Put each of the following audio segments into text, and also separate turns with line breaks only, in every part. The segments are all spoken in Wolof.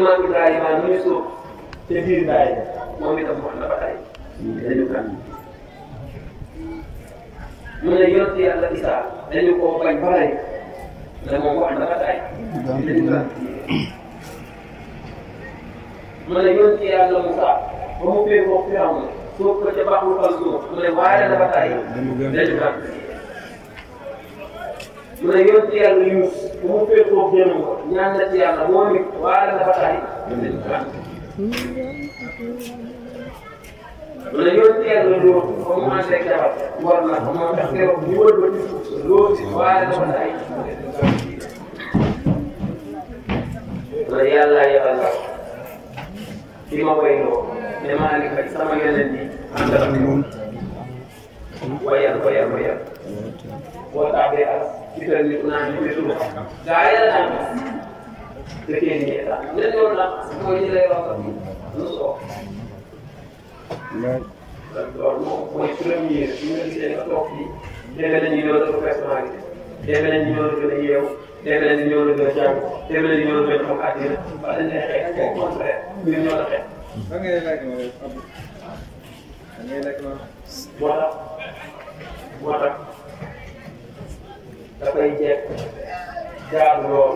imam Ibrahima ñu ngi sóob te biir ndaay moom itam wax na ba tey dañu kan mu ne yonent yàlla Isaa dañu koo bañ ba rey ne moom wax na ba tey dañu kan mu ne yonent yàlla Musaa ba mu fee ko fi am sóob ko ca baaxul fal suuf mu ne waaye na ba tey dañu kan mu ne yonent yàlla Yuunus bu mu féetoo génn ko ñaan na ci yàlla moo nit waa dafa taxi mu ne yonent yàlla Luut ba mu ànd ak jabar war na ko moo tax keroog ñu wër ba ci suuf Luut waa dafa taxi mu ne yàlla yebal la ci ma koy ndoo ne maa ngi fay sama yonent yi ànd ak moom koyal koyal koyal boo tàggee ak ci kër gi naan ñu déglu ko. gaa yi la naan dëkkee nii état ñun ñoo naan mooy ñu lay wax ak ñu soog. loolu moom mooy premier bi nga gisee nga toog fii defe nañu ñoo la ko personnalité defe nañu ñoo la gën a yeew defe nañu ñoo la gën a jàng defe nañu ñoo la gën a xam àddina wax dañu lay xeex au contraire ñun ñoo la xeex. da ngay laaj ma rek Abdou da ngay laaj ma. jaadu lool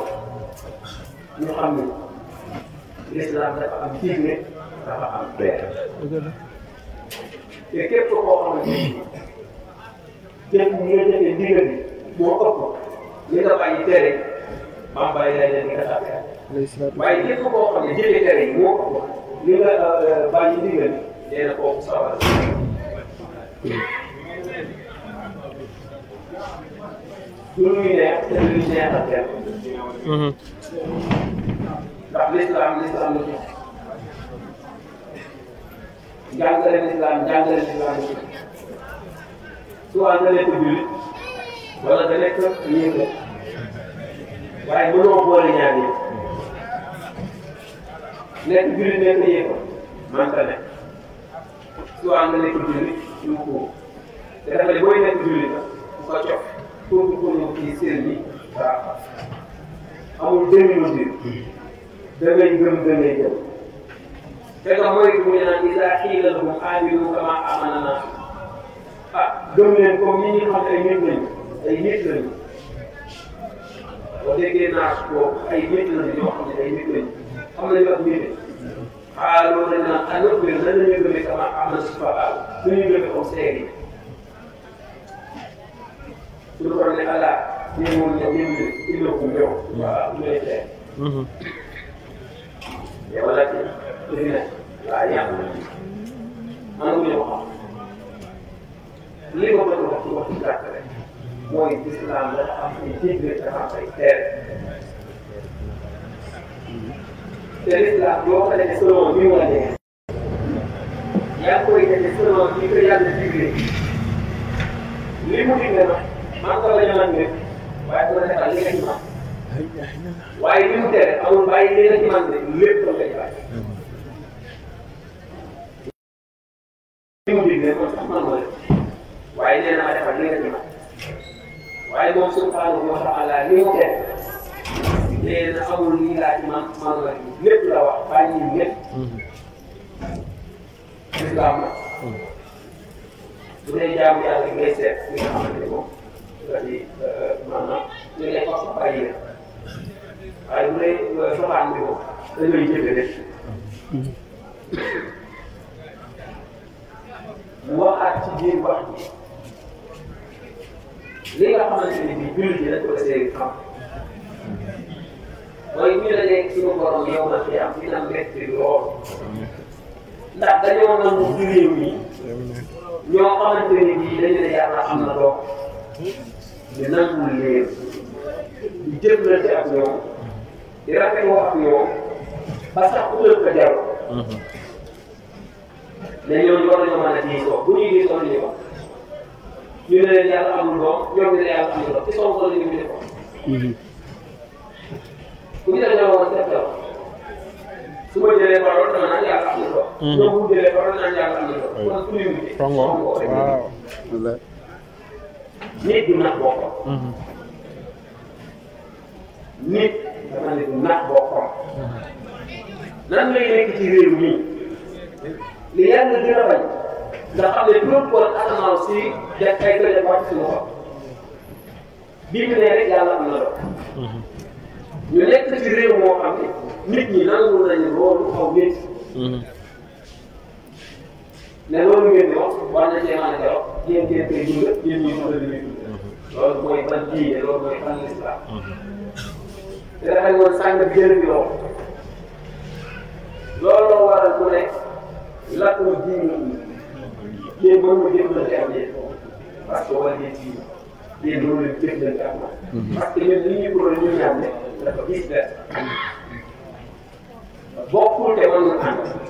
ñu xam ne l'islam dafa am diine dafa am leer te képp koo xam ne jëf ñi nga jëfee ndigal bi moo ëpp li nga bàyyi tere maa bàyyi lay leen li nga tàppe waaye képp koo xam ne jëfee tere yi moo ëpp li nga euh, bàyyi ndigal nee na kooku sawar lu muy neex te duñu neexal kenn. ndax lislaam lislaam la ci jàngale lislaam jàngale lislaam la ci soit nga nekk jullit wala nga nekk yéegal waaye mënoo boole ñaar yi nekk jullit nekk yéegal man ta nekk soit nga nekk jullit ñu ko te dafa ne booy nekk jullit la bu ko cof foofu ko ñëw ci seen bi baax amul deux minutes da ngay gëm da ngay jëm te ka mooy mu ne naan isa xiila lahum aamilu kama amana naa ah gëm leen comme ni ñu xam ay nit lañu ay nit lañu boo déggee naas boobu ay nit lañu ñoo xam ne ay nit lañu xam nañu ak nit xaaloo dañ naan anëpp lan la ñu gëmee kama amana sufahaa lu ñu gëmee comme seeg yi suñu xool ne ala ñun moom ñoom ñoom ñoom ñoom ñoom ñoom waaw ñu lay fekk. yow laaj bi dëgg na waaw yàqu na ci man bu ñu waxoon li ma mën a wax ci wax ci gàtt rek mooy islam dafa am ay jégle dafa am ay teer te l'islam boo ko defee selon bi mu la neex yaa ngi koy defee selon bi ko yàlla digle li mu digle nag màggal la ñu lan nekk waaye dina defal li nga ci màgg waaye li mu tere amul bàyyi li nga ci màgg lépp la koy bàyyi. li mu digle man sax man ma def waaye nee naa defal li nga ci màgg waaye moom subhanahu wa taala li mu tere nee na amul lii laa ci màgg màgg la lépp la wax bàyyi lépp. islam la bu dee jaamu yàlla ngay seet li nga xamante ne moom. c'est-à-dire eh, maanaam ñu ne ko sax bàyyi na waaye bu dee eh, safaan bi moom dañ koy jëndee waxaat ci biir wax ji li nga xamante ne bii jullit ñi dañ ko desee xam mooy ñu la nekk suñu borom yow na fi am dina métti lool ndax dañoo nangu ci réew mi ñoo xamante ne bii dañu ne yàlla am na doom. nangu leen di jëflante ak ñoom di rafetlu ak ñoom ba sax ku leen ko jar. mais ñoom war nañoo mën a diisoo bu ñuy diisoo ñu ko ñu ne leen yàlla amul doom ñoom ñu ne yàlla amul doom ci Sonko la ñu mën ko. bu ñu la ñëwoon def la su ma jëlee parole dama naan yàlla amul doom. ñoom bu jëlee parole naan yàlla amul doom. kon su ñuy wute. waaw waaw. nit du nax boppam. Mhm. nit dafa ne du nax boppam. lan lay nekk ci réew mi li yàlla gën a bañ nga xam ne loolu kon asamaan si def ay gën a wàcc suñu xol bii mu ne rek yàlla am na la. Mhm. ñu nekk ci réew moo xam ne nit ñi nangu nañu loolu xaw nit. Mhm. ne loolu ngeen di wax war na cee mën a teew yéen ngeen koy dund yéen ñuy dund dañuy dund loolu mooy ban diine loolu mooy ban lislaam mhm. te dafay woon sànq jëriñ loo looloo waral ku ne lakk mu diine yéen moom mu jëflante ak yéen parce que wala ngeen diine yéen moom la jëflante ak moom mhm. parce que ñun li ñuy bëggoon ñu ñaan ne dafa gis dara bokkul te mën na ànd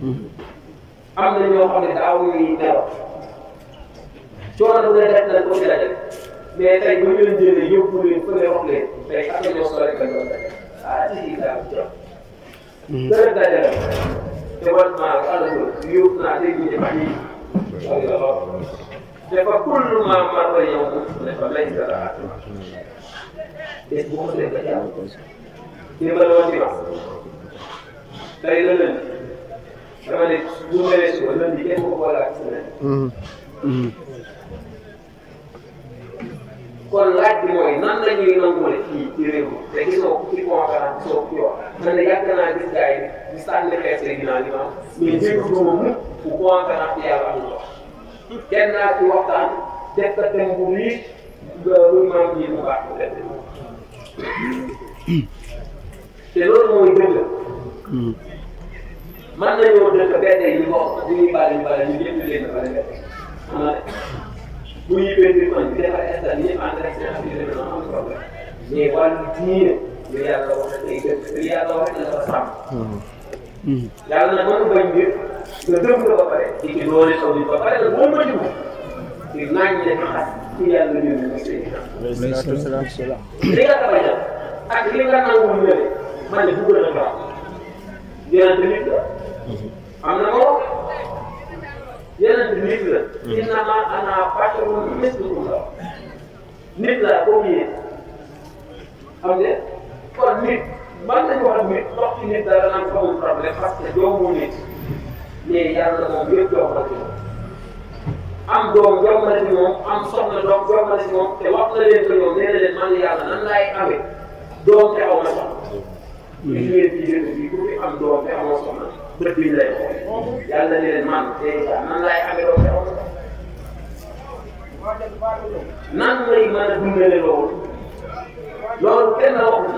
am na ñoo xam ne daawuñu nelaw coono bu def nañ ko ci la def mais tey bu ñu leen jëlee yóbbu leen fële wax leen tey am na ñoo solo rek la doon def ah ci daaw jox. dërëb daje la te man maa la àll yóbbu naa dégg ñu ba ñii wax nga lool dafa kullu maa mar la yow dafa lay dara
bés bu ko defee jàmm.
démbal woon ci ma tey la leen. dama ne bu melee suba lundi kenn ko boole ak semaine. kon laaj bi mooy nan la ñuy nanguwale fii ci réew mi te gisoo ku ci conférence gisoo ku ci wax man de yàgg naa gis gars yi di sànni xeet rek ginnaaw li ma am mais dégg ko ma mukk bu conférence bi yàlla amul wax kenn naa ci waxtaan def ko thème bu riche ba maa ngi mu baax mu def te loolu mooy dëgg mën nañoo dëkk benn yi mboq bu ñuy baal ñu baal ñu ñëpp ñu leen baal ñu xam nga bu ñuy benn koñ bi defar instant ñëpp en direct seen activité bi am problème mais wàllu diine lu yàlla wax na day dëkk lu yàlla wax hmm. na dafa
sàmm.
yàlla nag mën nga bañ mbir nga gëm ko ba pare. di ci doole taw bi ba pare la boo ma dugg di naaj ñu def xat ci yàlla ñu ne ñu seen li nga tabañ ak li nga nangu ñu ne man de dugg na baax yéen a am na ko yeneen bi nit la. innama ana basharun mislukum la nit la comme yéen xam nga kon nit man lañu wax nit wax ci nit dara naan amul problème parce que doomu nit mais yàlla moom yëpp jox la ci moom am doom jox na ci moom am soxna doom jox na ci moom te wax na leen ko ñoom na leen man yàlla nan laay amee doom te aw na soxna. ñu jógee fii dëkk bi ku fi am doom te amoo soxna. bët bi lay xool yàlla leen man déjà nan laay amee loolu xew nan lay mën a dundale loolu loolu kenn waxu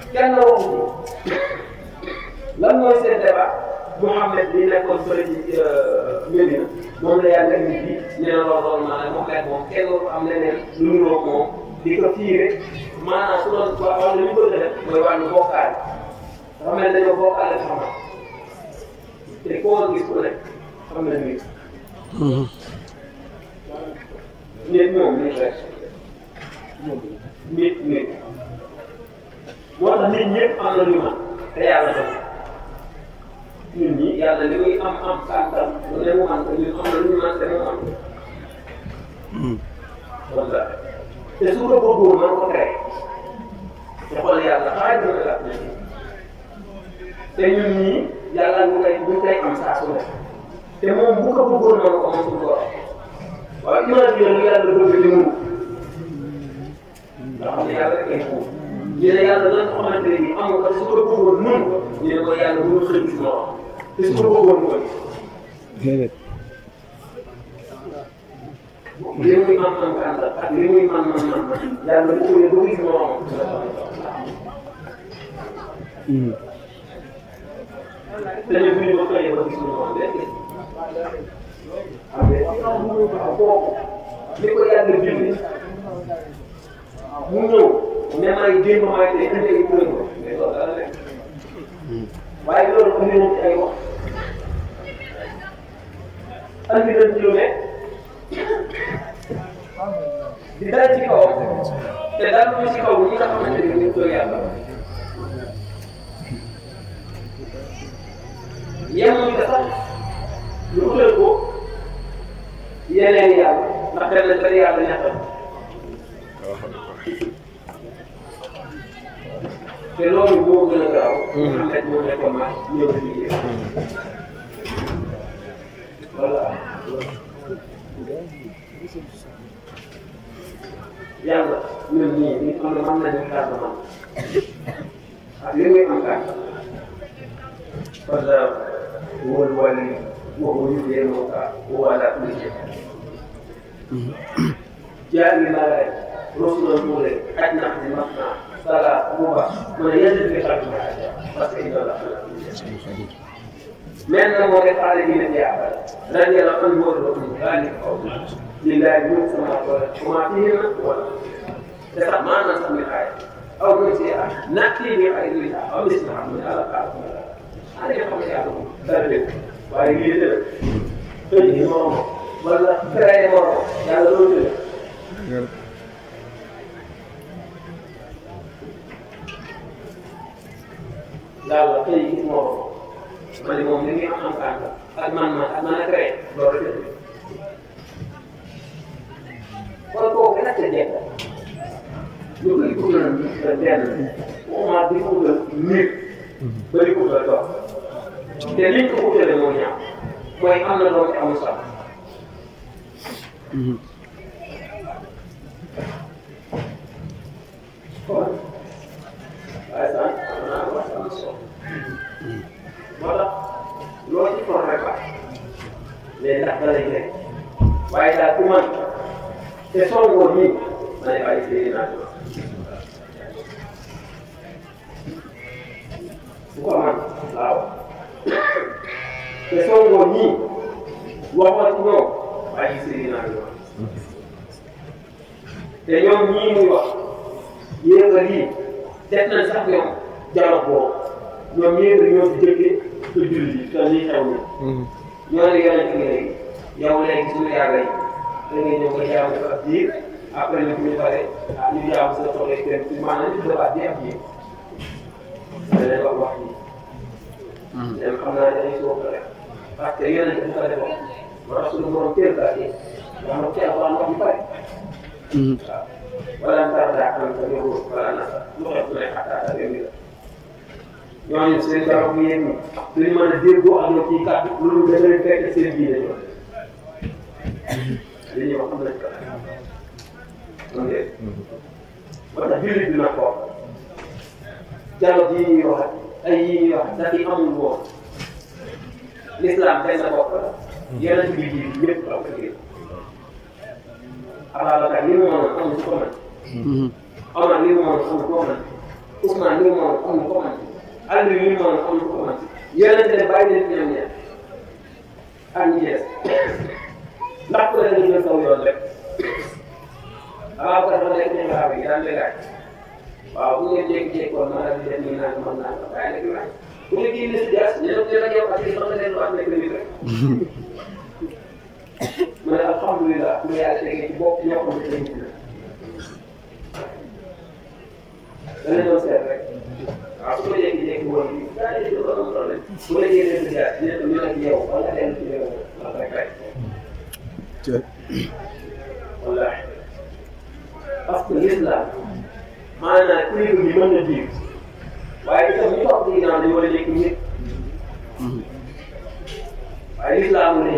ci kenn waxu ci lan mooy seen débat Mouhamed bi nekkoon fële ci euh, Médina moom la yàlla nit bi nee na loolu loolu maanaam moom kat moom kenn waru am leneen lu mu roog moom di ko fiire maanaam su doon waa wàllu li ñu bëgg a def mooy wàllu bokkaale dafa mel ne dañoo bokkaale xam-xam te koo war a gis ku nekk xam nañ ni. nit ñoom nit rek nit nit moo tax nit ñëpp am na lu ma te yàlla def ñun ñi yàlla li muy am am kàttan mu ne mu am ñun am na lu ñu mën te mu am. kon daal te su ko bëggoon mën ko créé te xool yàlla xaaj na la te ñun ñii yàlla ñu koy ñu koy am saa su ne te moom bu ko bëggoon noonu ko moom ko waaye image bi nag yàlla bëgg li mu nga xam ne yàlla rek lay ko ñu ne yàlla lan ko xamante ne nii am nga ko su ko bëggoon noonu ñu ne ko yàlla bu ñu xëy ci lool te su ko bëggoon mooy. déedéet.
li muy am am kan la ak li muy man man man
yàlla bu ko yëg ba gis moom. la ñu bind ba xëy ba gis ñu wax lépp
li ko yàlla bind mu ñëw
ne maay démb maay tey indi ay kuréel ko mais loolu dara nekk waaye loolu bu ñu ci ay wax andi leen lu ne di dal ci kaw te daal ci kaw ñi nga xamante ne ñu koy yàlla yàlla nga sax ñu utal ko yeneen yàlla ndax dem nañ ba yàlla ñàkkal te loolu
moo gën a gaaw.
Mm-hmm. am nañ moo nekkoon ma ñëw di liggéey. voilà. yàlla ñun ñii ñu xam ne mën nañu xaar ba man ak li muy am kàddu. فالله هو الولي وهو يدينك وهو على كل شيء جاء من مالك رسل مولد في المصنع فلا هو من يزل في خلق الحاجة فسعيد الله من المولد على من يعمل لن يلقى المولد من ذلك قولا لله ملك السماوات وما فيهما ولا تسمعنا سمي الآية أو نسيها نأتي بخير منها أو نسمع منها لا تعلم ah dangeen xam ne yàlla moom dara dëkk waaye lii dëkk tëj gi moom wala traité moom yàlla loolu dëkk. yàlla tëj gi moom ma ne moom li ngeen am tànk ak man man ak man a traité loolu dëkk. kon kooku gën a tëjee ñu koy dugal benn waxumaa di ko dugal néeg ba di ko dugal dox. te liñ ko utale woon ñaaw mooy am na doom te amul sàmm. kon waaye sax am naa wax am solo moo tax loo ci for rek baax mais ndax da lay nekk waaye daal ku man te soo woon nii ma ne bàyyi si naa ko bu ko man waaw. te Sonko ñii waxuma ci ñoom waaye gis nañu naan ñoom te ñoom ñii muy wax yéen nga lii def nañ sax ñoom jàllab boobu ñoom yéen nga ñoo fi jëkkee te jullit yi te lii xew na. ñoo ne yonent bi léegi yow léegi suñu yàlla yi da ngay ñëw nga jaamu ko ab diir après ñu ñu pare ñu jaamu sa soxla yi dem maanaam ñu def ab diir ab diir. danañ ko wax nii. léegi xam naa dañuy soog a def parce que yéen a ngi ko defoon moo tax suñu borom teel kaa kii nga xam teel ko am wax yu bëri.
waaw
wala nga tax daa xam ne ko wala na lu xew ku ne xataa ak yow mi la. ñooñu seen jarab bu yéeg ñi duñu mën a déggoo ak na kii kàddu loolu da leen fekk seen diine ñoom li ñuy wax xam nañ ko. ok moo tax jullit bi nag foofu jàll bi ñuy wax. ay yii ñuy wax ndax yi amul woon l'islam benn bopp la. yeneen bi ji bi ñëpp la ko jëlee. Ababacar li mu mënoon amul ko mën. Mhm. Omar li mu mënoon amul ko mën. Ousmane li mu mënoon amul ko mën. Aliou li mu mënoon amul ko mën. yeneen ne bàyyi leen ñoom ñaar ak ñi des ndax ku ne la ñu jël kaw yoon rek. Ababacar dafa nekk ñoom Araab yi daan lay laaj. waaw bu ngeen jékki-jékki woon maanaam ñu dem ñu naan mën naa ko waaye nag ñu naan bu ngeen génnee si jaas ñu dem jënd ak yow parce que sax nga am nekk rek. ma ne alhamdulilah bu yàlla tegee ci bopp ñoo xamante ne ñu dana doon seet rek waaw su ma jékki-jékki woon bi daa di doon am problème bu la génnee si jaas ñu ne ñu nag yow wala lenn ci yow ndax rek rek. wallaahi parce que l'islam maanaam kuréel bi mën na dégg waaye itam ñu topp ci ginnaaw dañu war a nekk ñëpp waaye lislaam ne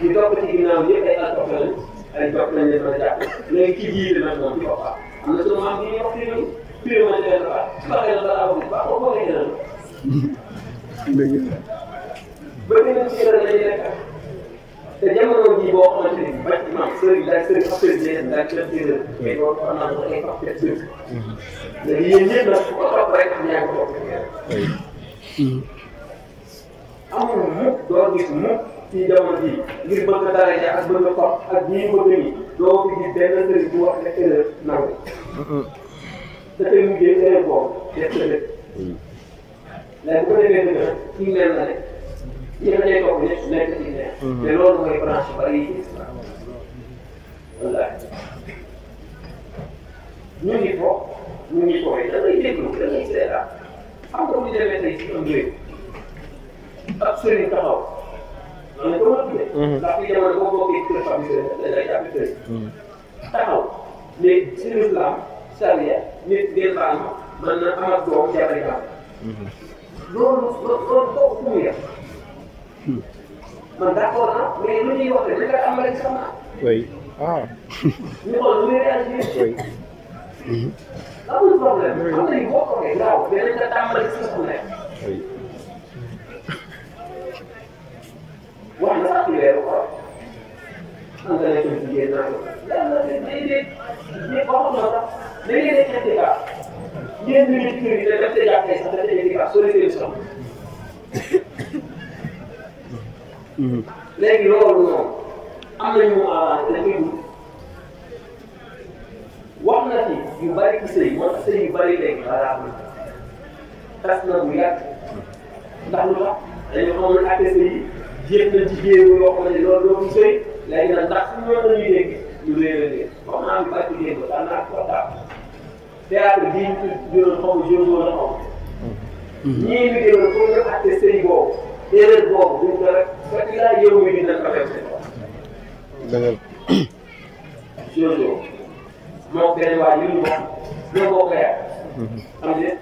ñu topp ci ginnaaw ñëpp ay alxames lañ ay jokk lañ leen mën a jàpp léegi kii jiite nag moom ci boppam am na solo maam bi ñuy wax fii nii fii ma ci leen baax su baaxee na balaa boobu baax boo ko waxee dana la. dëgg la. bëgg nañ ci yàlla dañuy nekk te jamono jii boo xamante ni bàcc naa sëriñ laaj sëriñ facteur bi day laaj la téeméer. mais loolu am naa ko ay facteur dëgg. léegi yéen ñëpp nag ku ko topp rek ñaa ngi topp. amul mukk doo gis mukk ci jamono jii ngir bëgg a dara ja ak bëgg a topp ak ñii bëgg nii doo ko gis benn sëriñ bu wax ne erreur nangu. dafay mujjee erreur boobu def sa dëkk. léegi bu ko defee dëgg nag kii mel na ne. ñu ne day toog nekk nekk ci ginnaaw. te loolu mooy branche bari yi. wallaahi ñu ngi toog ñu ngi toogee da ngay déglu da ngay seetaan xam nga bu ñu demee tey ci am réew ak sëriñ taxaw. ma ne ko ma tuddee. ndax fi jamono boo bokkee ci kër famille bi day jàpp kër taxaw ne ci lislaam sariya nit ngeen baal ma mën na amal doom jàppale jàpp. loolu loolu kooku fu muy def. man d' accord ah mais lu ñuy wax rek li nga xam rek sama.
oui ah.
ñu xool lu muy réagir. oui. amul problème
am na yu boo ko waxee gaaw mais dañ ko tàmbali si ku nekk.
oui. wax na sax ci weeru koor. am na nekk lu jigéen naa ko. lan la day day day waxoon na sax léegi day xeeti baax. ñeent minutes kër yi dañ def sa jàppee sax dañ def sa jàppee soo leen Mm-hmm. léegi loolu noonu am nañu ah, dañuy wax na ci yu bari ci sëy man sëy yu bari léegi xalaat na tas na bu yàgg ndax lu tax dañu xamul ak sëy yi jéem na jigéen yoo xam ne loolu doo ko sëy léegi nag ndax su ñoo dañuy dégg ñu réerale wax naa yu bari dégg daan naa ko waxtaan théâtre bii ñu doon xaw jëm woon a xaw mm-hmm. ñii liggéeyoon pour ñu àtte sëy boobu erreur boobu duñ ko rek ba ilaa yow mi dinañ ko def seen dëgg Jojo moo benn waa ñu bokk ñoo bokk yàq. xam nga.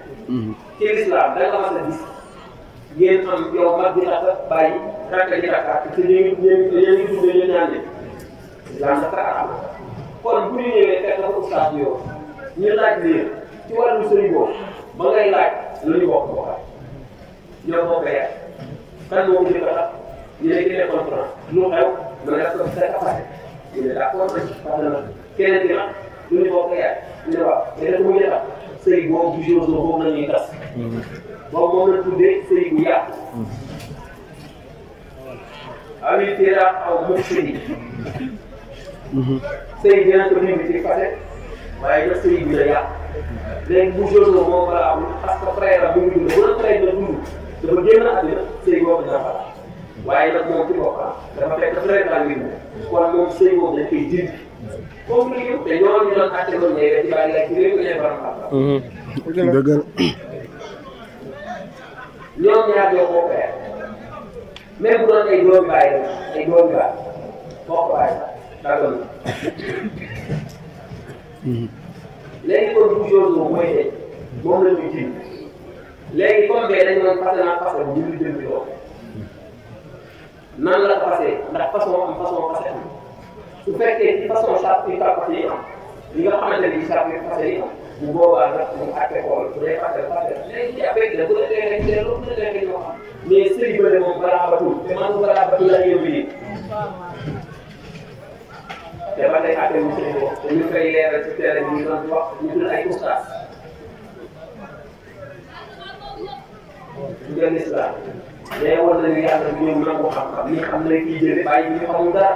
ci lislaam da nga mas a gis ngeen am yow mag bi takk bàyyi rakk ji takkaat te ñu ngi ñu ngi dundee ñu ñaan ne lislaam dafa araam kon bu ñu ñëwee fekk na ko ustaas yow ñu laaj leen ci wàllu sëriñ boobu ba ngay laaj lu ñu bokk bokkaat ñoo bokk yàq kan moo ko jëkk a tax ñu ne ki nekkoon France lu xew ma ne ko sa capacité ñu ne d'accord nañ wax na keneen ki nag ñu ne bokk yaay ñu ne waaw keneen mu ngi defar sëy boobu du jour boobu la ñuy tas boobu moom la tuddee sëy bu yàqu amit teel a aw moom sëy sëy dina ko limité ci fase waaye na sëy bi la yàqu léegi bu jour moom moo ko la amul parce que frère la mu ngi dund bu la frère la dund dafa génn àddina sëy boobu dina fa waaye nag moom ci boppam dafa fekk vraiment mbir mi kon moom sëy boobu dañ koy dindi foofu la ñu te ñooñu doon àtte ba ñëwee rek ci bàyyi rek ñu ko ñëwee borom xam-xam. dëgg la ñoom ñaar ñoo bokk rek même bu doon ay doomi baay la ay doomi baay bokk baay dàggal na. léegi kon douze jours boobu mooy tey moom la ñuy dindi léegi comme bee dañu doon fas naa fas ak ñu ngi jëm ci loolu. nan la passé ndax façon am façon passé am su fekkee ci façon charte yu tàkk yi am li nga xamante ni charte yu passé yi am bu boobaa nag mu àtte xool bu dee passé passé léegi ci après dina bu la dee dee loolu bu la dee ñoo xam mais sëriñ bële moom balaa batul te man balaa batul la ñëw bi
te ba tey àtte mu sëriñ wax te ñu koy
leeral ci télé bi ñu doon wax ñu tudd ay ustaas ñu gën islam day war na ne yàlla ñoom nangu xam-xam ñi xam ne kii jëlee bàyyi ñu xamul dara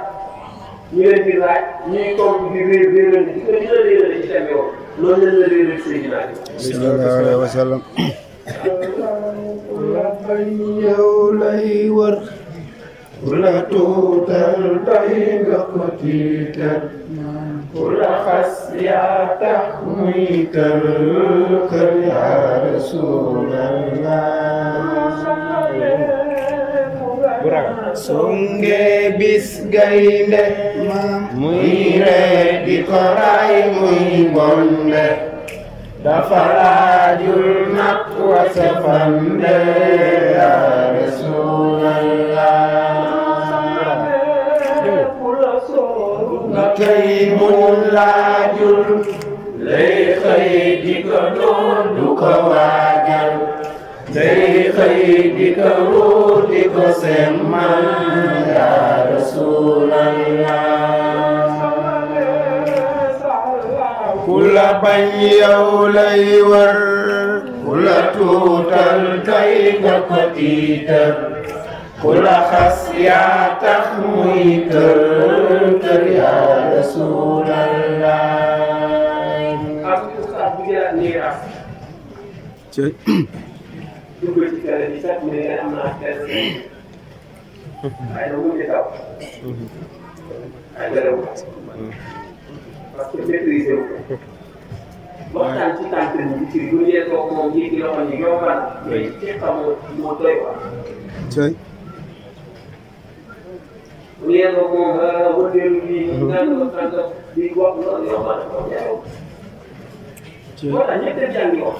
ñu leen di laaj ñuy toog di réer réeral di ko dina réeral ci seen yoon loolu lañ la réeral Seydina Ali. wa sallam. yow lay war. ولا توتر بين قتيتر ولا خس يا تحويتر يا رسول الله sunge bis gaynde muy ree di ko muy bonde dafa laajul nag wa safande ya rasulallah nga kay mun laa jur lay xëy di ko noon du ko waagal
day xëy di ko
ruur di ko semmal yaa rasulallah ku la bañ yow lay war ku la tuutal kay nga ko tiital ku la xas yaa tax muy kër kër yaa rasulallah. ak ustaas bu jëlaat nii raf. dugg ci kër gi sax mu ne am naa kër waaye mu ngi taw. ay gërëm. parce que maîtrisé wu ko. waxtaan ci tànk bi ci bu ñu yeesoo moom yéegi loxo ñu yombal. mais ci xamoo moo doy waar. nee na moom wëndeelu bii. nangam ak nangam di wax loolu yow maanaam moom jaayoo. moo tax ñëpp dañu jàng wax.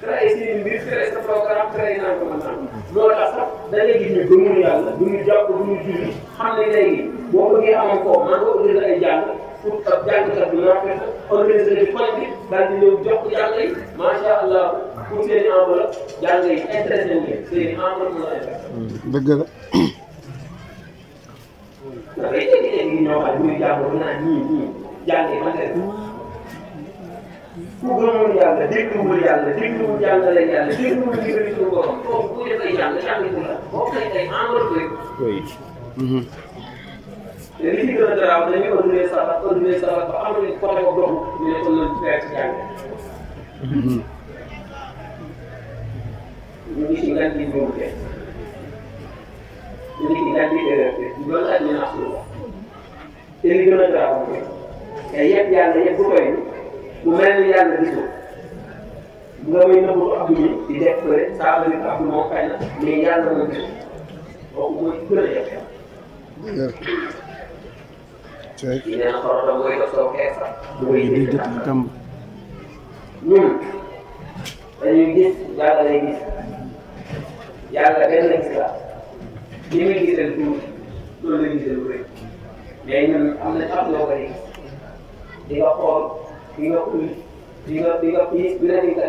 créé seen mbir créé sa programme créé nangam ak nangam. moo tax sax da ngay gis ne gëmuñu yàlla duñu jàpp duñu julli xam ne léegi boo bëggee amoon ko man nga organiser ay jàng pour ab jàngkat bi naa fexe organiser di fan bi daal di ñëw jox jàng yi macha allah pour seen i enveloppe jàng yi intéressé wu leen seen i enveloppe la intéressé. dëgg la. dafay dégg-dégg yi ñoo xam ne muy jàngoro naan ñii ñii jàngee man de ku gëmoon yàlla dégluwul yàlla dégluwul yàlla lañ yàlla dégluwul ndigal suñu borom foofu bu def ay jàng jàngiku la boo koy tey enrobé ko. te li ci gën a garaaw dañuy ëndulee sabat ëndulee sabat ba xam ne côté ko dox ñu ne ko loolu ci jàng. ñu ngi si ngan gi ñëw nit ki daal di dérégle loolu àdduna ak suñu te li gën a gaaw mooy te yëpp yàlla yëpp bu koy mu mel ni yàlla gis nga may nëbbu abdu bi di def bële saa bële abdu moo fay na mais yàlla moo gis kooku mooy gën a yëpp yàlla. tey nee na xorom da koy def soo xeex sax. da koy yëg tam ñun dañuy gis yàlla lay gis yàlla benn gis la. li ngeen gisal tuuti loolu la gisal lu rëy léegi ñun am na xam loo koy di nga xool di nga uy di nga di nga di nga di nga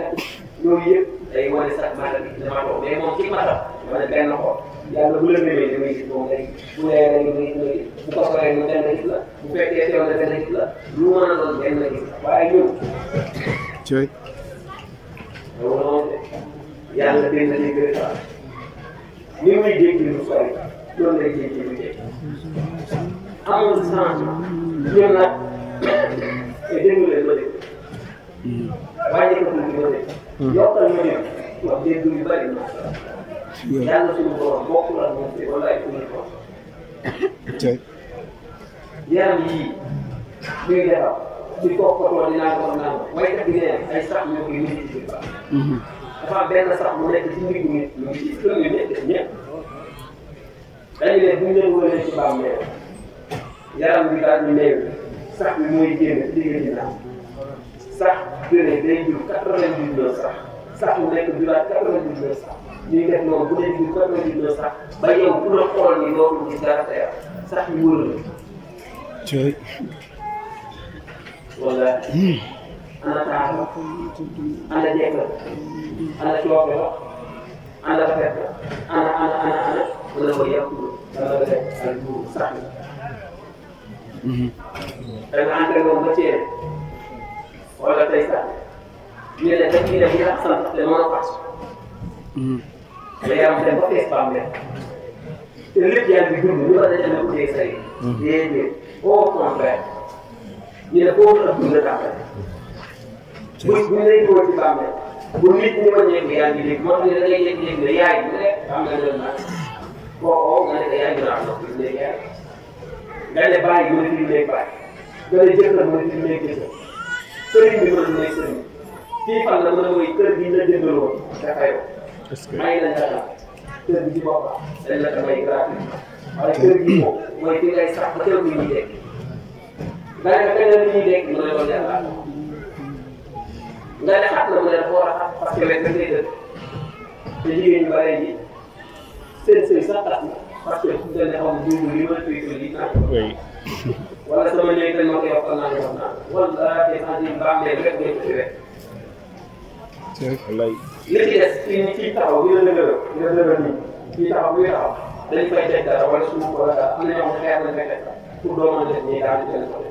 loolu yëpp day wane sax màgg bi damaa toog mais moom ci màgg wala benn xool yàlla bu la mémee da ngay gis moom day bu leeree da ngay gis bu ko soree mu benn gis la bu fekkee teew na benn gis la lu mën a doon benn gis la waaye ñun. cëy. loolu noonu de yàlla benn lay gën a ni muy jékki lu sori loolu lay jékki lu jékki amul changement ñun nag te déglu leen ma déglu waaye déglu ma déglu hmm. yokkal ma déglu wax dégg yu bëri hmm. na yàlla suñu borom bokkul ak moom te wala ay kuñu ko yaram yii muy defar ci kooku ko dinaa ko naan waaye kat bi ne ay sax ñoo koy wér ci biir dafa am benn sax mu nekk ci mbir mi mu ngi ci kër gi nekk ci ñëpp dañu ne bu ñu leen wëlee ci baamu neew yaram bi daal di neew sax bi mooy génn ci digg ginnaaw sax jëlee day jur quatre-vingt-dix-neuf sax sax mu nekk juraat quatre-vingt-dix-neuf sax ñuy def noonu bu dee jur quatre-vingt-dix-neuf sax ba yow ku la xool ni dootul gis dara sa yaram sax yu wër
la.
wala. ana taal ana jekk ana cooke ana fekk ana ana ana ana wala mooy yàqu dana ko def ak bu sax da nga entré moom ba ceeb wala tey sax ñu ne dañ ñu def ñaata sant te mën a fas. léegi am dem ba fees ba am lekk te lépp yaa ngi dund ñu war a demee ku dee sa yi. déedéet au contraire ñu ne foofu la dund tàmbali. muy bu ñu lay dugal ci bàmmeel bu nit ñi ma dégg yaa ngi dégg moo tax ne da ngay dégg dégg yaay bi ne am na doon naa koo nga ne ko yaay bi la am ndox bi léegi yaay nga ne bàyyi mën a fi léegi bàyyi nga ne jëkkër mën a fi léegi jëkkër sëriñ bi mën a may sëriñ kii fan la mën a may kër gi la jëndal woon dafay may lañ la daal kër gi ci boppam dañ la ko may gratuit waaye kër gi moom mooy fi ngay sax ba kër gi nga ne xat na mu ne dafa war a xat parce que wet bi ngay dëkk te jigéen ñu bare ji seen sëy sax xat na parce que suñu demee xaw ma jiwu li ma tuuti ko lii naan. wala sama ñooy dañ ma koy wax naan wax naan wala des fois dañuy baax mais rek ngay tuuti rek. li ci des ci ci taxaw bi la lëgëral nga lëgëral nii ci taxaw bi taxaw dañ fay teg dara wala suuf wala dara am na ñoo xam xeer lañ fay teg pour doo mën a def ñuy daal di jënd ko de.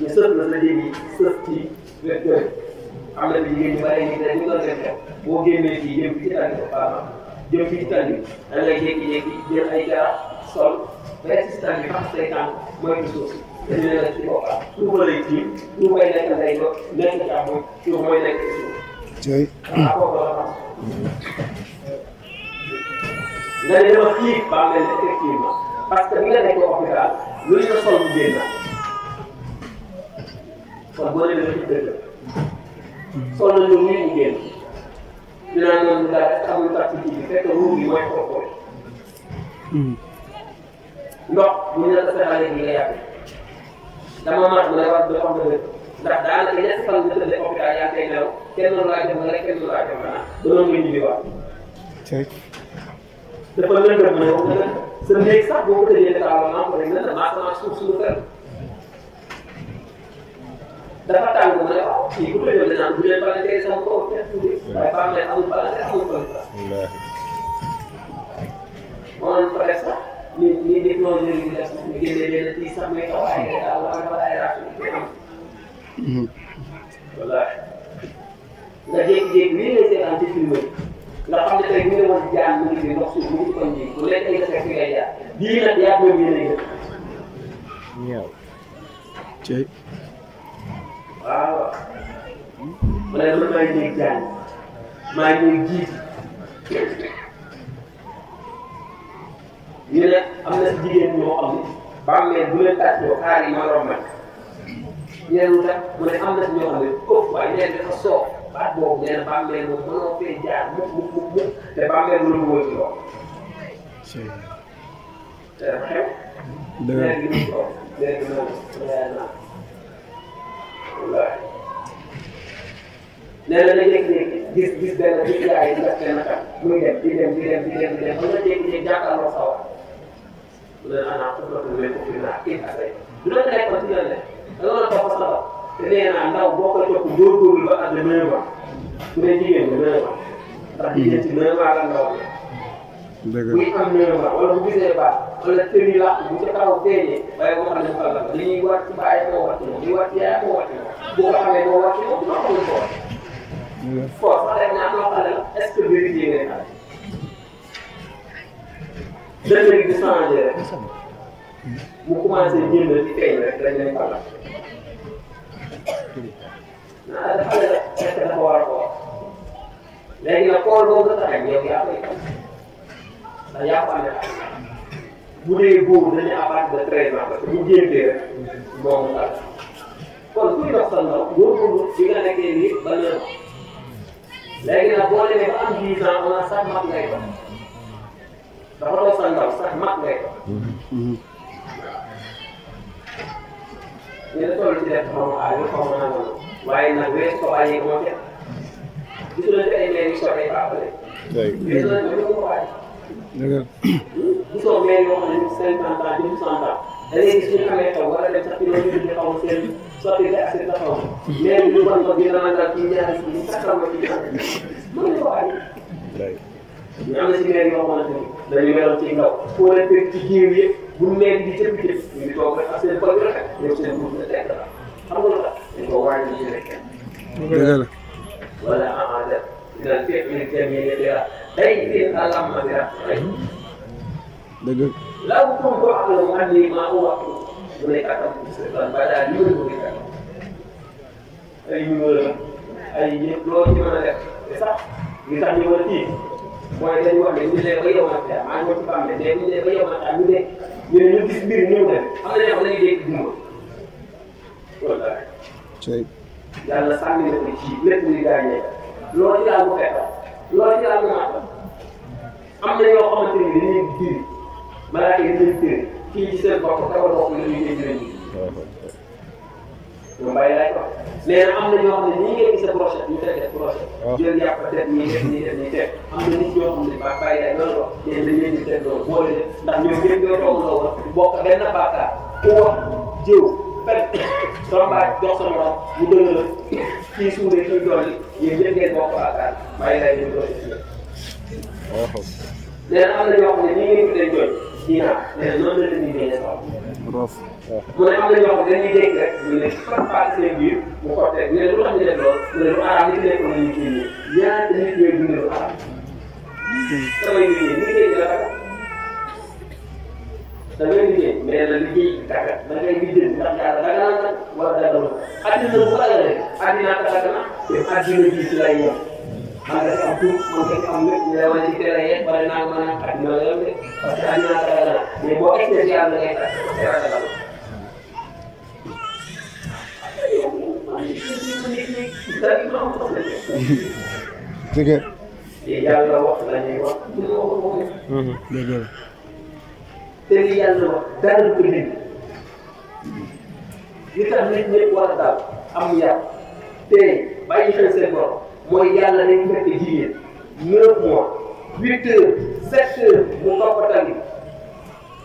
mais sëf la sa dégg sëf ci. am na jigéen ñi bàyyi ñu ne ñu doon def xew boo génnee fii jëm fii ci tànn ko baax jëm fii ci tànn bi da ngay jékki-jékki jël ay sol ba ci tànn bi fax say tànk ne la ci kaw baax ne dama xiif baax na ne daal lu ñu la sol bu kon boo demee fii dëgg sonn nañu muy jigéen ñu naan leen laaj xamul pratique bi fekk ruum bi mooy kooku ndox bu ñu la tasaaree bi nga yàgg dama mat mu ne war ba xam ne ndax daanaka ñetti fan nga tëddee hôpital yaa ngi koy nelaw kenn du laa jëm rek kenn du laa jëm xanaa danoon nga ñibbiwaat. dafa lëndëm ne sa néeg sax boo ko tëjee dafa am maam rek ne la maa sama suuf suñu kër. dafa tàng mu ne waaw fii bu tëjoo da naan bu leen palanteer sama kaw kenn tuuti waaye faam leen amul palanteer amul
palanteer.
moom fa def sax ñu ñu def noonu ñu def ñu génnee leen ci sax may taw ay daal wala dafa ay raaf yu am. wallaahi nga jékki-jékki lii lay seetaan ci film yi nga xam ne tey bu ñu demoon jaan mu ngi fi ndox suuf mu ngi kon ji bu lekk ay nga fekk ngay jaar lii nag yaa ngi koy génne ñëw. waaw mu ne man maa ñuy maa ñuy jiiti am na jigéen ñoo xam ne bàmmeel bu leen tàccoo xaar yi ma rombat ñeenu tax am na ñoo xam ne ëpp waaye neen dafa soof baat boobu nee na bàmmeel moom mënoo fee jaar mukk mukk mukk te bàmmeel lu mu wóor ci lool te dafa xew léegi mu toog nee na léeg-léeg gis gis benn gis gaa yi def benn xel muy dem di dem di dem di dem di dem ba nga jékki-jékki jàkkaarloo sawar mu ne ana xutbatu mais ko fi naa kii asay du doon rek ba ci doon def da nga war a topp sawar te nee naa ndaw boo ko topp góorgóorlu ba at le neuf ans bu dee jigéen le neuf ans ndax jigéen ci neuf ans la ndaw dëgg la buy am neuf ans wala bu gisee baax wala tëri làq bu ca kaw feeñee waaye boo xam ne fa la li ñuy war ci bàyyi koo wàcc moom li ñuy war ci yaay koo wàcc moom boo ko amee boo wàccee moom dina amul fort. fort sax dañ naan loo xam ne est-ce que vérifié ngay xam. dëkk bi di changé rek. bu commencé jënd ci feeñ rek dañ lay faral. naa dafa la fekk dafa war a fort. léegi nag kool boobu dafa xañ yow yaa koy xam. ndax yaa ko amee xam. bu dee góor dañuy abattre de treize ans parce que bu jéemtee rek moom la. kon kuy dox sa ndox góorgóorlu bi nga nekkee nii ba ñor léegi nag boo demee ba am 10 ans wala sax mag ngay dox dafa dox sa ndox sax mag ngay dox. ñu ne toll ci def xaw ma aay ba xaw ma naa noonu waaye nag weesu ko bàyyi moo jëm gis nga ne ay meel yu sotee baaxule. gis nga ne ko bàyyi. dëgg gisoo meel yoo xam ne cinquante ans jëm cent ans da ngay gis ñu amee xew wala dem sax ci loolu ñu xaw ma seen sotti nga assuré na xaw ma. léegi ñu mën ko dina mën a kii ñaari kii ñu taxaw ma kii mën nañu ko aay. ñu am na si léegi yoo xamante ni dañu weeroon ci ndaw. foo leen fekk ci jiw yëpp bu nekk di jëm jëm ñu ngi toog rek ak seen tool yu rafet. ñoom seen dugub la teg la xam nga lu tax dañu ko wàññi ci rek. dëgg la. wala amaa def dina fekk ñu dem yéen dara day leen alam ma dara. dëgg la. laaw comme koo xam ne mu andi maa ko waxtu boleh Islam badan ñu ko gis ak ay ñu wëra ay ñëpp loo ci mën a def te sax li tax ñu war a tiit mooy dañu wax ne ñu lee ba yow nag maa ngi ci bàmbe mais ñu lee ba yow nag ñu ne ñu ne ñu gis mbir ñëw na xam nga dañoo xam dañuy dégg duma wallaay yàlla sànni na ko ci lépp ni gaañee loo ci daal mu fekk loo ci daal mu naat am na yoo xamante ni dañuy diir malaaka yi dañuy diir kii ci seen bopp taw a bokk li ñuy dégg rek. ñu bàyyi laaj wax mais nag am na ñoo xam ne nii ngay gis sa projet ñu fekk def projet. Ah. jël yàpp def ñii def ñii def ñii teg am na nit ñoo xam ne ba bàyyi laaj loolu wax mais dañ leen di teg loolu boole leen ndax ñoom ñëpp ñoo toog loo wax bokk benn bàkkaar ku wax jiw fekk sama baaj jox sama morom mu dëgg la kii suulee kii dolli yéen ñëpp ngeen bokk bàkkaar bàyyi laaj ñu doon. nee na am na ñoo xam ne nii ngay tuddee jooy. Sina léegi noonu la leen di génne soxla. mu ne am na ñoo xam dañuy dégg rek ñu ne fan faal seen biir mu xotteeg ñu ne lu tax ñu def lool mu ne lu araam li ci nekkoon nañu kii nii ñaar nit ñooy dundee lu araam. damay liggéey liggéey la dafa damay liggéey mais nag liggéey dafa da ngay liggéey ndax yàlla da nga naan wala da nga doon. addina bu ko alalee addinaa ko la gën a. te addina bii ci lay ñëw. माझ्या शॉपिंग मोठे आंबे मिळवणे केले आहेत परिणामाने खांडवले पत्रांना करायला हे बॉक्स त्याचे आंबे ठीक है ये जाल का वक्त लगेगा हम्म देखिए तेरी जाल का दर पीने इतना मिनट में कुआं था हम या ते बाईस से करो mooy yàlla nañ fekk jigéen neuf mois huit heures sept heures mu topp tamit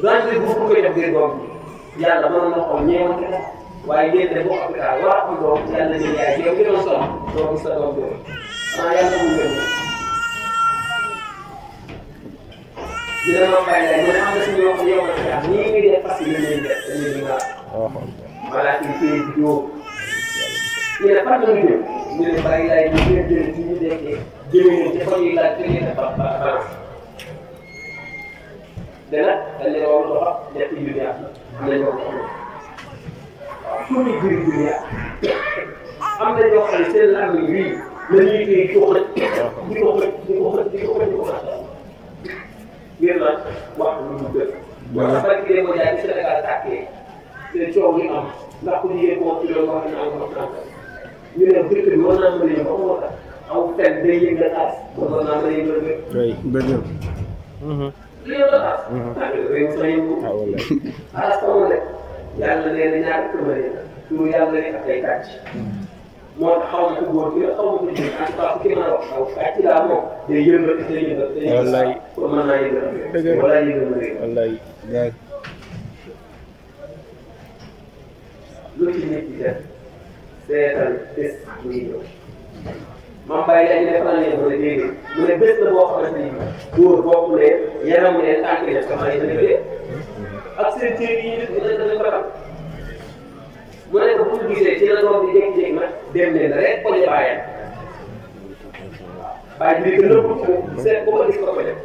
rendez-vous bu koy def ngeen doom bi yàlla mënoon na xool ñeewante la waaye yéen ne boo xam ne daal war a am doom yàlla nañ yaay yow gënoon solo doo gis sa doom bi xanaa yàlla mu gën dina ma bàyyi lay mu ne am na suñu yoo xam yow la fi am nii ngi def parce que yéen ñuy def dañuy ñu laal. voilà kii kii di jóg ñu ne fan la ñu jëm jëlee bàyyi laay ñu gën a jëlee ci ñu nekkee jëlee leen ci fa ñuy laaj te nekk ba ba mais nag dañ leen waroon doxal ñetti juróomiyaat la am na ñoo xam ne waaw suñu juróomiyaat am na ñoo xam ne seen laaj la ñuy la ñuy téye di ko xëj di ko xëj di ko xëj di ko xëj di ko xëj ngir nag wax lu ñu gën. waaw parce que jaay bi Sénégal tàkkee te coow li am ndax ku ñu yëg moom ci loolu wax nañu am ñu ne dëkk bi war naa mën a yëngu amoo tax aw fen day yëngal aas war naa mën a yëngal bépp. oui bëri na. li yëngal aas. ah réew sa yëngu. ah wallay aas ah, xamu ne yàlla nee na ñaari kër pour yàlla ne ak ay kàcc. Mhm. moo tax xaw ma ko góor gi xaw ma ko jigéen en tout cas ki ma la wax aw kàcc laa moom day yëngal day yëngal. wallay kon mën naa yëngal réew. wallay yëngal réew. wallay lu ci nekk seetal bés bu ñuy ñëw moom bàyyi ne mu ne dégg mu ne bés la boo ni góor bokk leen yaramu leen tànk leen xam nga yéen a jógee ak seen cër yi ñu def dinañ dinañ mu ne ko bu ñu gisee ci la doom bi dem leen rek ko ñu bàyyee bàyyi bi gën a ko seet ko ko gis ko ko def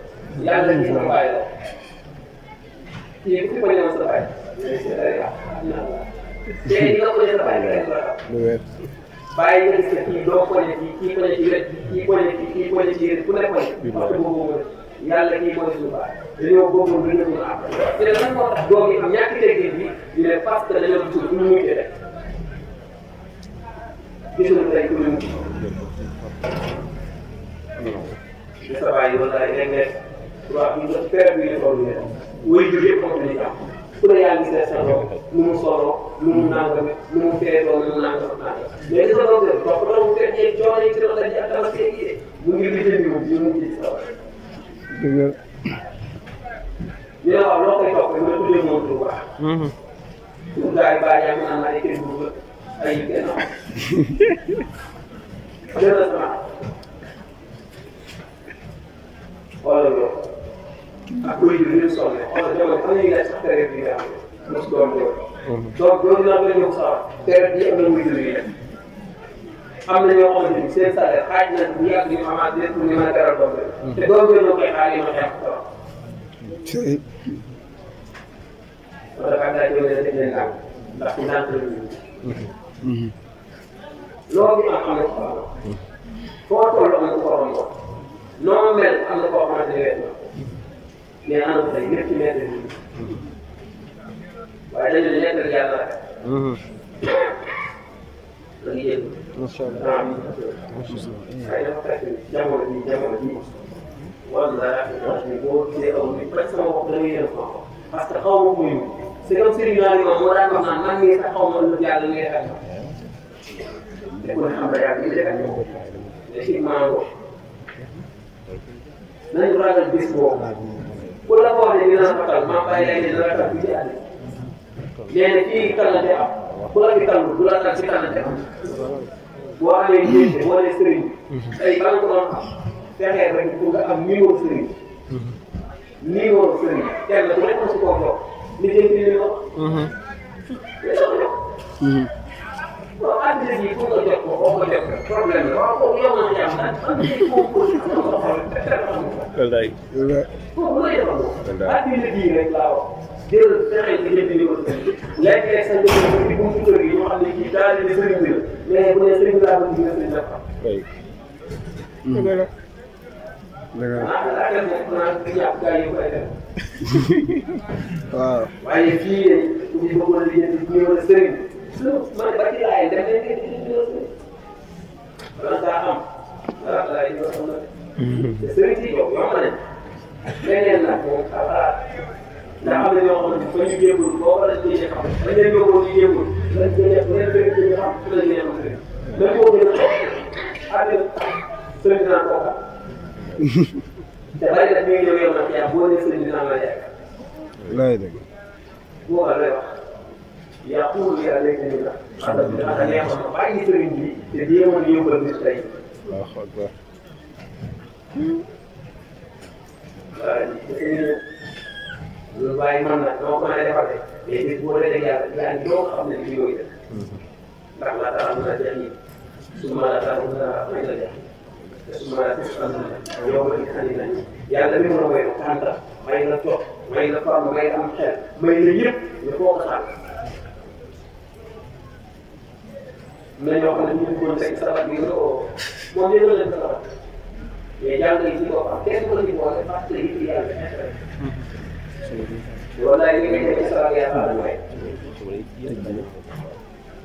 yàlla gis ku ci ko ñëwoon sa léegi nga ko def sa bàyyi kenn la bàyyi nga gis ne kii doo ko ne kii kii ko ne ci wet kii ko ne ci kii ko ne ci yéen ku ne ko ne parce que boobu yàlla kii mooy suñu baax dañoo bëggoon lu ne mun a am te lan moo tax doom yi am ñàkk teggin bi ñu ne parce que dañoo gisul bu ñu mujjee def gisuñu tey ku ñu mujj gis sa bàyyi wala ay nekk trois bi ñu def perte bi ñu toll nii woy jur yëpp moom la ñuy am suba yaa ngi gisal sa doom lu mu soxla lu mu nangam lu mu feetoo lu mu nangam nangam mais li sa doom def donc loolu bu fekkee coono yi gën a daje ak tabax seen yee mu ngi lijjanti wu ñu ngi ci sawar. dëgg la. ñu ne waaw loo koy topp ñu ne tuddee moom du baax. Mhm. pour gars yi bàyyi yaa ngi naan ay kër bu ay gànnaaw. jërëjëf. wala loolu. ak wéy bi ngeen soxla xoolal jamono fan la ñuy laaj sax traite bi nga am mosu doon loolu. donc loolu nag la ñu sax traite bi am na muy jógee am na ñoo xamante ni seen salaire xaaj na ñu yàgg ñu xamante ne pour ñu mën a teral doom te doom yooyu ñoo koy xaar yi ma xeex ko. loolu dafa am daal yow dafa def leen dàq ndax ñu dàq leen loolu ñu am am na ko foo toll am na ko foo xam ko noo mel am na koo xamante ne mais xanaa ko tey lépp ci maitre bi waaye dañu ne nekk ak yàlla rek. da mhm. ngay yëngu. macha allah waaye ah, dafa fekk jamono ji jamono ji wallaahi wallaahi boo gisee aw nit faj sama bopp da ngay yëngu parce que xaw ma ko yëngu c'est comme Serigne Ndiaye moom moo daan wax naan man mii sax xaw ma lu yàlla ngay xam. nekkul xam nga yàlla li defal ñoom. effectivement boobu. nañu ragal bés boobu. ku la ko waxee dina la matal maa bàyyi lay ne dina la tax tuuti ànd nee na kii tallante am ku la fi tallu du la tax ci tallante am boo amee njëriñ boo nee sëriñ tey ba nga ko doon am fexeel rek pour nga am niveau sëriñ niveau sëriñ kenn ku nekk su ko bokk li jëm ci li ñu wax. boo xam ne nii pour nga jot ko boo ko jot ko problème la waaw kooku yow nga xam naan man de kooku ko xool dara amul ko.
wallaay. kooku
mooy defal ko. wallaay àddina bii rek laa wax. jël fexe di jënd li ko léeg-léeg sa jënd di ko ci kër gi ñoo xam ne kii daal di sëriñ bi la mais bu dee sëriñ laa bëgg nga sëriñ dafa. dëgg la. dëgg la ah laa dem nag naan di yàq gars yi ko ay def. waaw. waaye fii de ñu bëggoon a lijjanti ñu ñëw na sëriñ. lu man ba ci laay dem nañ ko ci juróom balaa ngaa am balaa laay di wax am na de. te sëriñ si jox yomb nañ leneen nag moom xalaat ndax am na ñoo xamante ni ba ñu jéegul boo ko lañ jëlee xam dañ leen yóbboo ñu jéegul lañ jëlee bu leen fekk ñu xam fu lañ leen mën a dañ ko gën a xam sëriñ dinaa ko xam te bari na ñu ngi ñëw yow nag yaa boo nee sëriñ dinaa la yaakaar. lay dëgg. boo xam lay wax. tuur li àll yi la. alhamdulilah ndax neexoon na bàyyi sëriñ bi te jéemoon yóbbal nit tey. waaw xam nga. waaw loolu bàyyi man nag dama ko mën a defalee mais nit boo dajee yàlla yaa ngi doog xam ne li yooyu def. ndax la tax mun a jëriñ su ma la tax mun a may la def te su ma la tax xam ne yow ma gis andi nañu yàlla mi mën a wéy ànd may la toog may la faam may am xel may la yëpp nga foog a xaar. am na ñoo xam ne ñu ngi ko fekk sabat bi nga ko moom yëgal leen sabat mais jàng yi ci boppam kenn ko ci boole parce que yi ci yàlla intérêt loolu laay yëgal ci sabat yàlla la may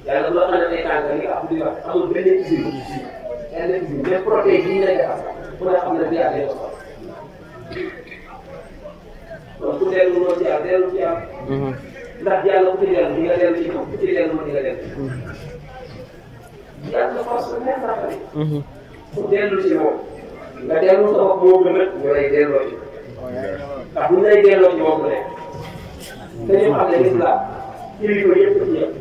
yàlla loo xam ne day tànk li nga am di wax amul benn usine benn usine mais protéine yi ñu lay defar ku ne xam ne bi yàlla ko kon ku dellu loo ci yàlla dellu ci yàlla ndax yàlla ku ci dellu di nga dellu ci moom ku ci dellu moom di nga dellu daañu la consommé sànq. ku dellu ci moom nga dellu sa bopp moo gën a ñu lay delloo ci. ndax bu ñu lay delloo ci moom ne te ñu xam ne lislaam kilifa yëpp ci yem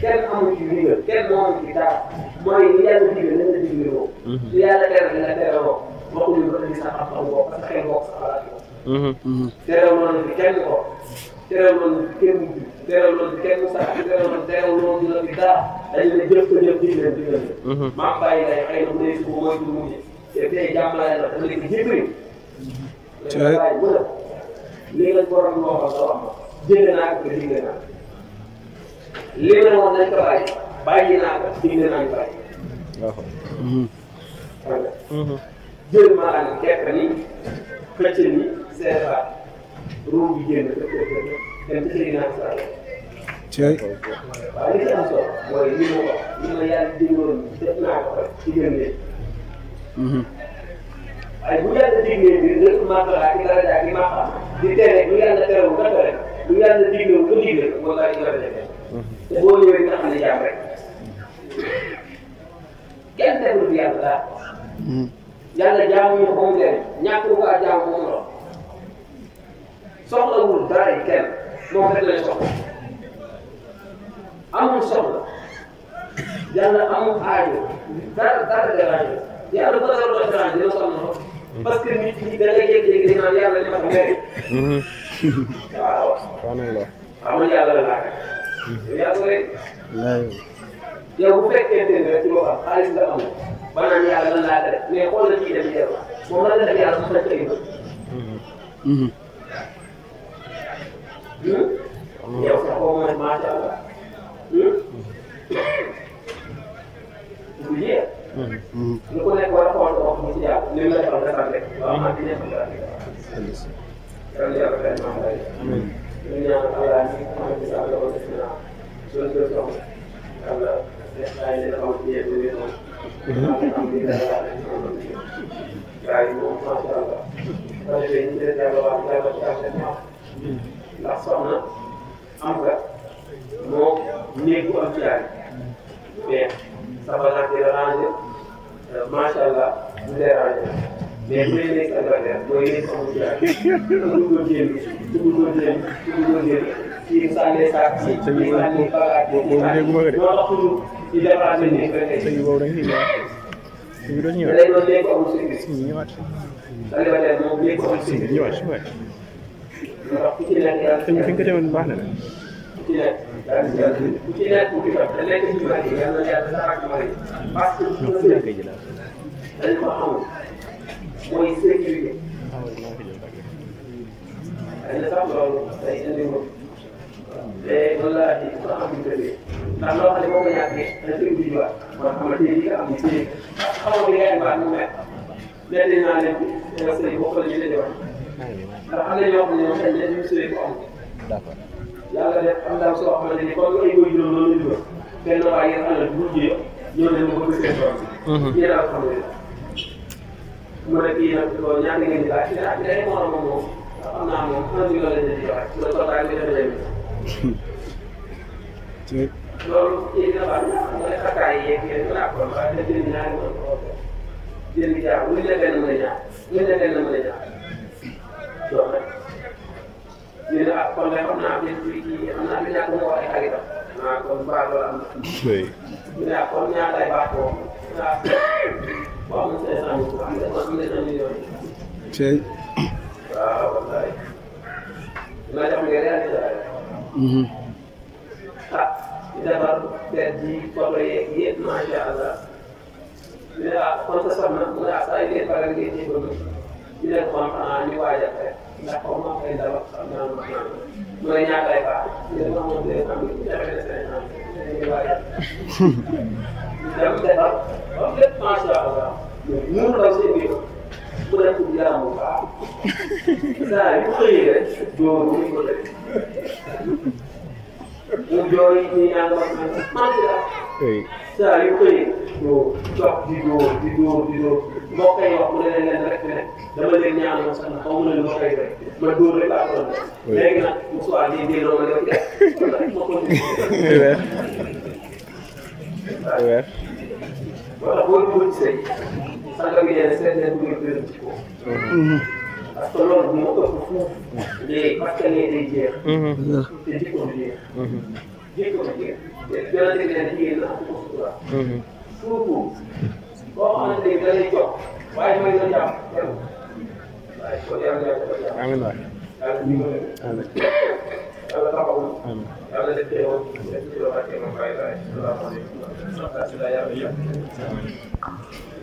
kenn amul ci ndigal kenn moo amul ci dara mooy li yàlla digal na nga digal ko. su yàlla tere dina tere ko waxuñu ba indi sa xam-xam bopp sa xel bopp sa xalaat bopp. Mhm. terewul noonu fi kenn ko. teral man kenn ji teral man kenn sax teral man teral moom ñu la fi dara dañu ne jëf ko jëf digle digle mhm. maa bàyyi lay xëy na mu ne ko mooy du mujj te tey jàmmale la dama nekk jëkkëri bàyyi mu ne lii lañ borom moo xam soo am jënd naa ko digle naa lii la woon nañ ko bàyyi bàyyi naa ko digle naa ñu bàyyi mhm. Mhm. jël maa ni kekk ni xëcc ni seet ruur bi génn dem ci Seydina Moussa. Thiel. waaw li ci am solo mooy li ma wax li ma yàlla dégloon def naa ko ci gën leen. waaye bu yàlla digle bi rek masalaa ak daraja ak maqaam di tere bu yàlla terewul nga tere bu yàlla digle ko digle moo tax ñu la defee. te boo ñëwee nga xam ne jàmm rek. kenn tegul bi yàlla daal. yàlla jaamu ñu ko moom leen ñàkk ko a jaamu moom la. soxlawul dara kenn moom rek lay soxla amul soxla yàlla amul aajo dara dara déranger yàlla bu la war a déranger dina soxla ko parce que nit ñi da ngay jékki-jékki di naan yàlla dafa mel. waaw. amul yàlla la laaka. yàlla rek. yow bu fekkente ne rek ci boppam xaalis nga amul ba naan yàlla lan laaka def mais xool na kii dem jeex moom lan la def yàlla sax la ci
ay
yow sax boo mën macha allah. du jeex. lu ko nekk war a xool wax mu ci jàpp li mu la defal nga sant rek. waaw man dinañ ko sant. kon yàlla benn maam lay. ñu ñaan allah ñu xamante ni sax la ko def naa. suñu kër soxna. yàlla def naa ne dafa am ci yéen ñu am li nga xam ne moom macha allah. parce que ñu ngi leen yàlla wax yàlla ci ndax soxna am euh, nga ndax ku ci nekk daal fi nga ko teewoon baax na la. ku ci nekk daal di jàll ku ci nekk ku ci jot da nekk ci bàyyi yàlla yàlla dara ak mbay. parce que ñoom ku nekk ji daal. dañ ko xamul mooy sécurité. dañ la sax loolu day indi moom. te wallaahi ku ko xam ñu tëddee. ndax loo xam ne boo ko ñàkkee dañ koy bujjuwaat. moo xamante ni li nga am ñu téye. parce que xamoo bi ngay baax ñu mel. lenn naa leen di nga sëy bokkal ñu leen di wax. ndax am na ñoo xam ne ñoom xëy na ñu ngi sëy ko am. d'accord yàlla def am ndaw soo xamante ni comme ay góor yu doon loolu la benn waay yéen alal bu mujjee ñoo dem ba bëgg seen tool bi. Mhm. yéen a xam ne mu ne kii nag loolu ñaata ngeen di laaj mais ah bi day moo amoon moom ah, xam naa moom un million lañ leen di joxe mu ne ko daal di demee loolu kii dina baax na xam nga xataa yi yeeg yéen mën a ko waaye daf leen ñaari mën ko jënd jaar bu ñu defee na mën a jaar bu ñu defee na mën a jaar doom rek ñu ne ah kon de xam naa benn bi kii am naa fi ñaar mu ko ay xaritam. ah kon baax loolu am na. ñu ne ah kon ñaar lay baax boobu. ah boo am na 500 mille am na 500 millions. tey. waaw wallaay. dina jox nga réalité la. ah ñu defar benn ji kooku yeeg yëpp macha allah. ñu ne ah kon sa soxna mu ne ah saa yu ngeen faral ngeen jéem a ñu leen xool xanaa ñu waajal rek ndax xaw ma koy dawal xam naa ma xam naa mooy ñaata ay baax yéen ñoo xamante ne am nañu jafe na seen am dañuy waajal. dem defar ba lépp macha allah ñun daw seen biir mu def yaram bu baax saa yu xëyee rek doo ko def. ñu jooy ñu nangam parce que loolu moo ëpp fuuf. léegi parce que nee day jeex. te jikko jeex. jikko jeex. te yonent bi ne jigéen la am mhm. ko sutura. surtout boo xamante ne da lay jox waaye may na jàpp kenn. waaye kon yàlla na yàlla jàpp. amiin waay. yàlla ñu mën a. amiin. yàlla taxawu. amiin yàlla def ci yow. def ci yow ak yow ak yow ak yow.
salaamaaleykum.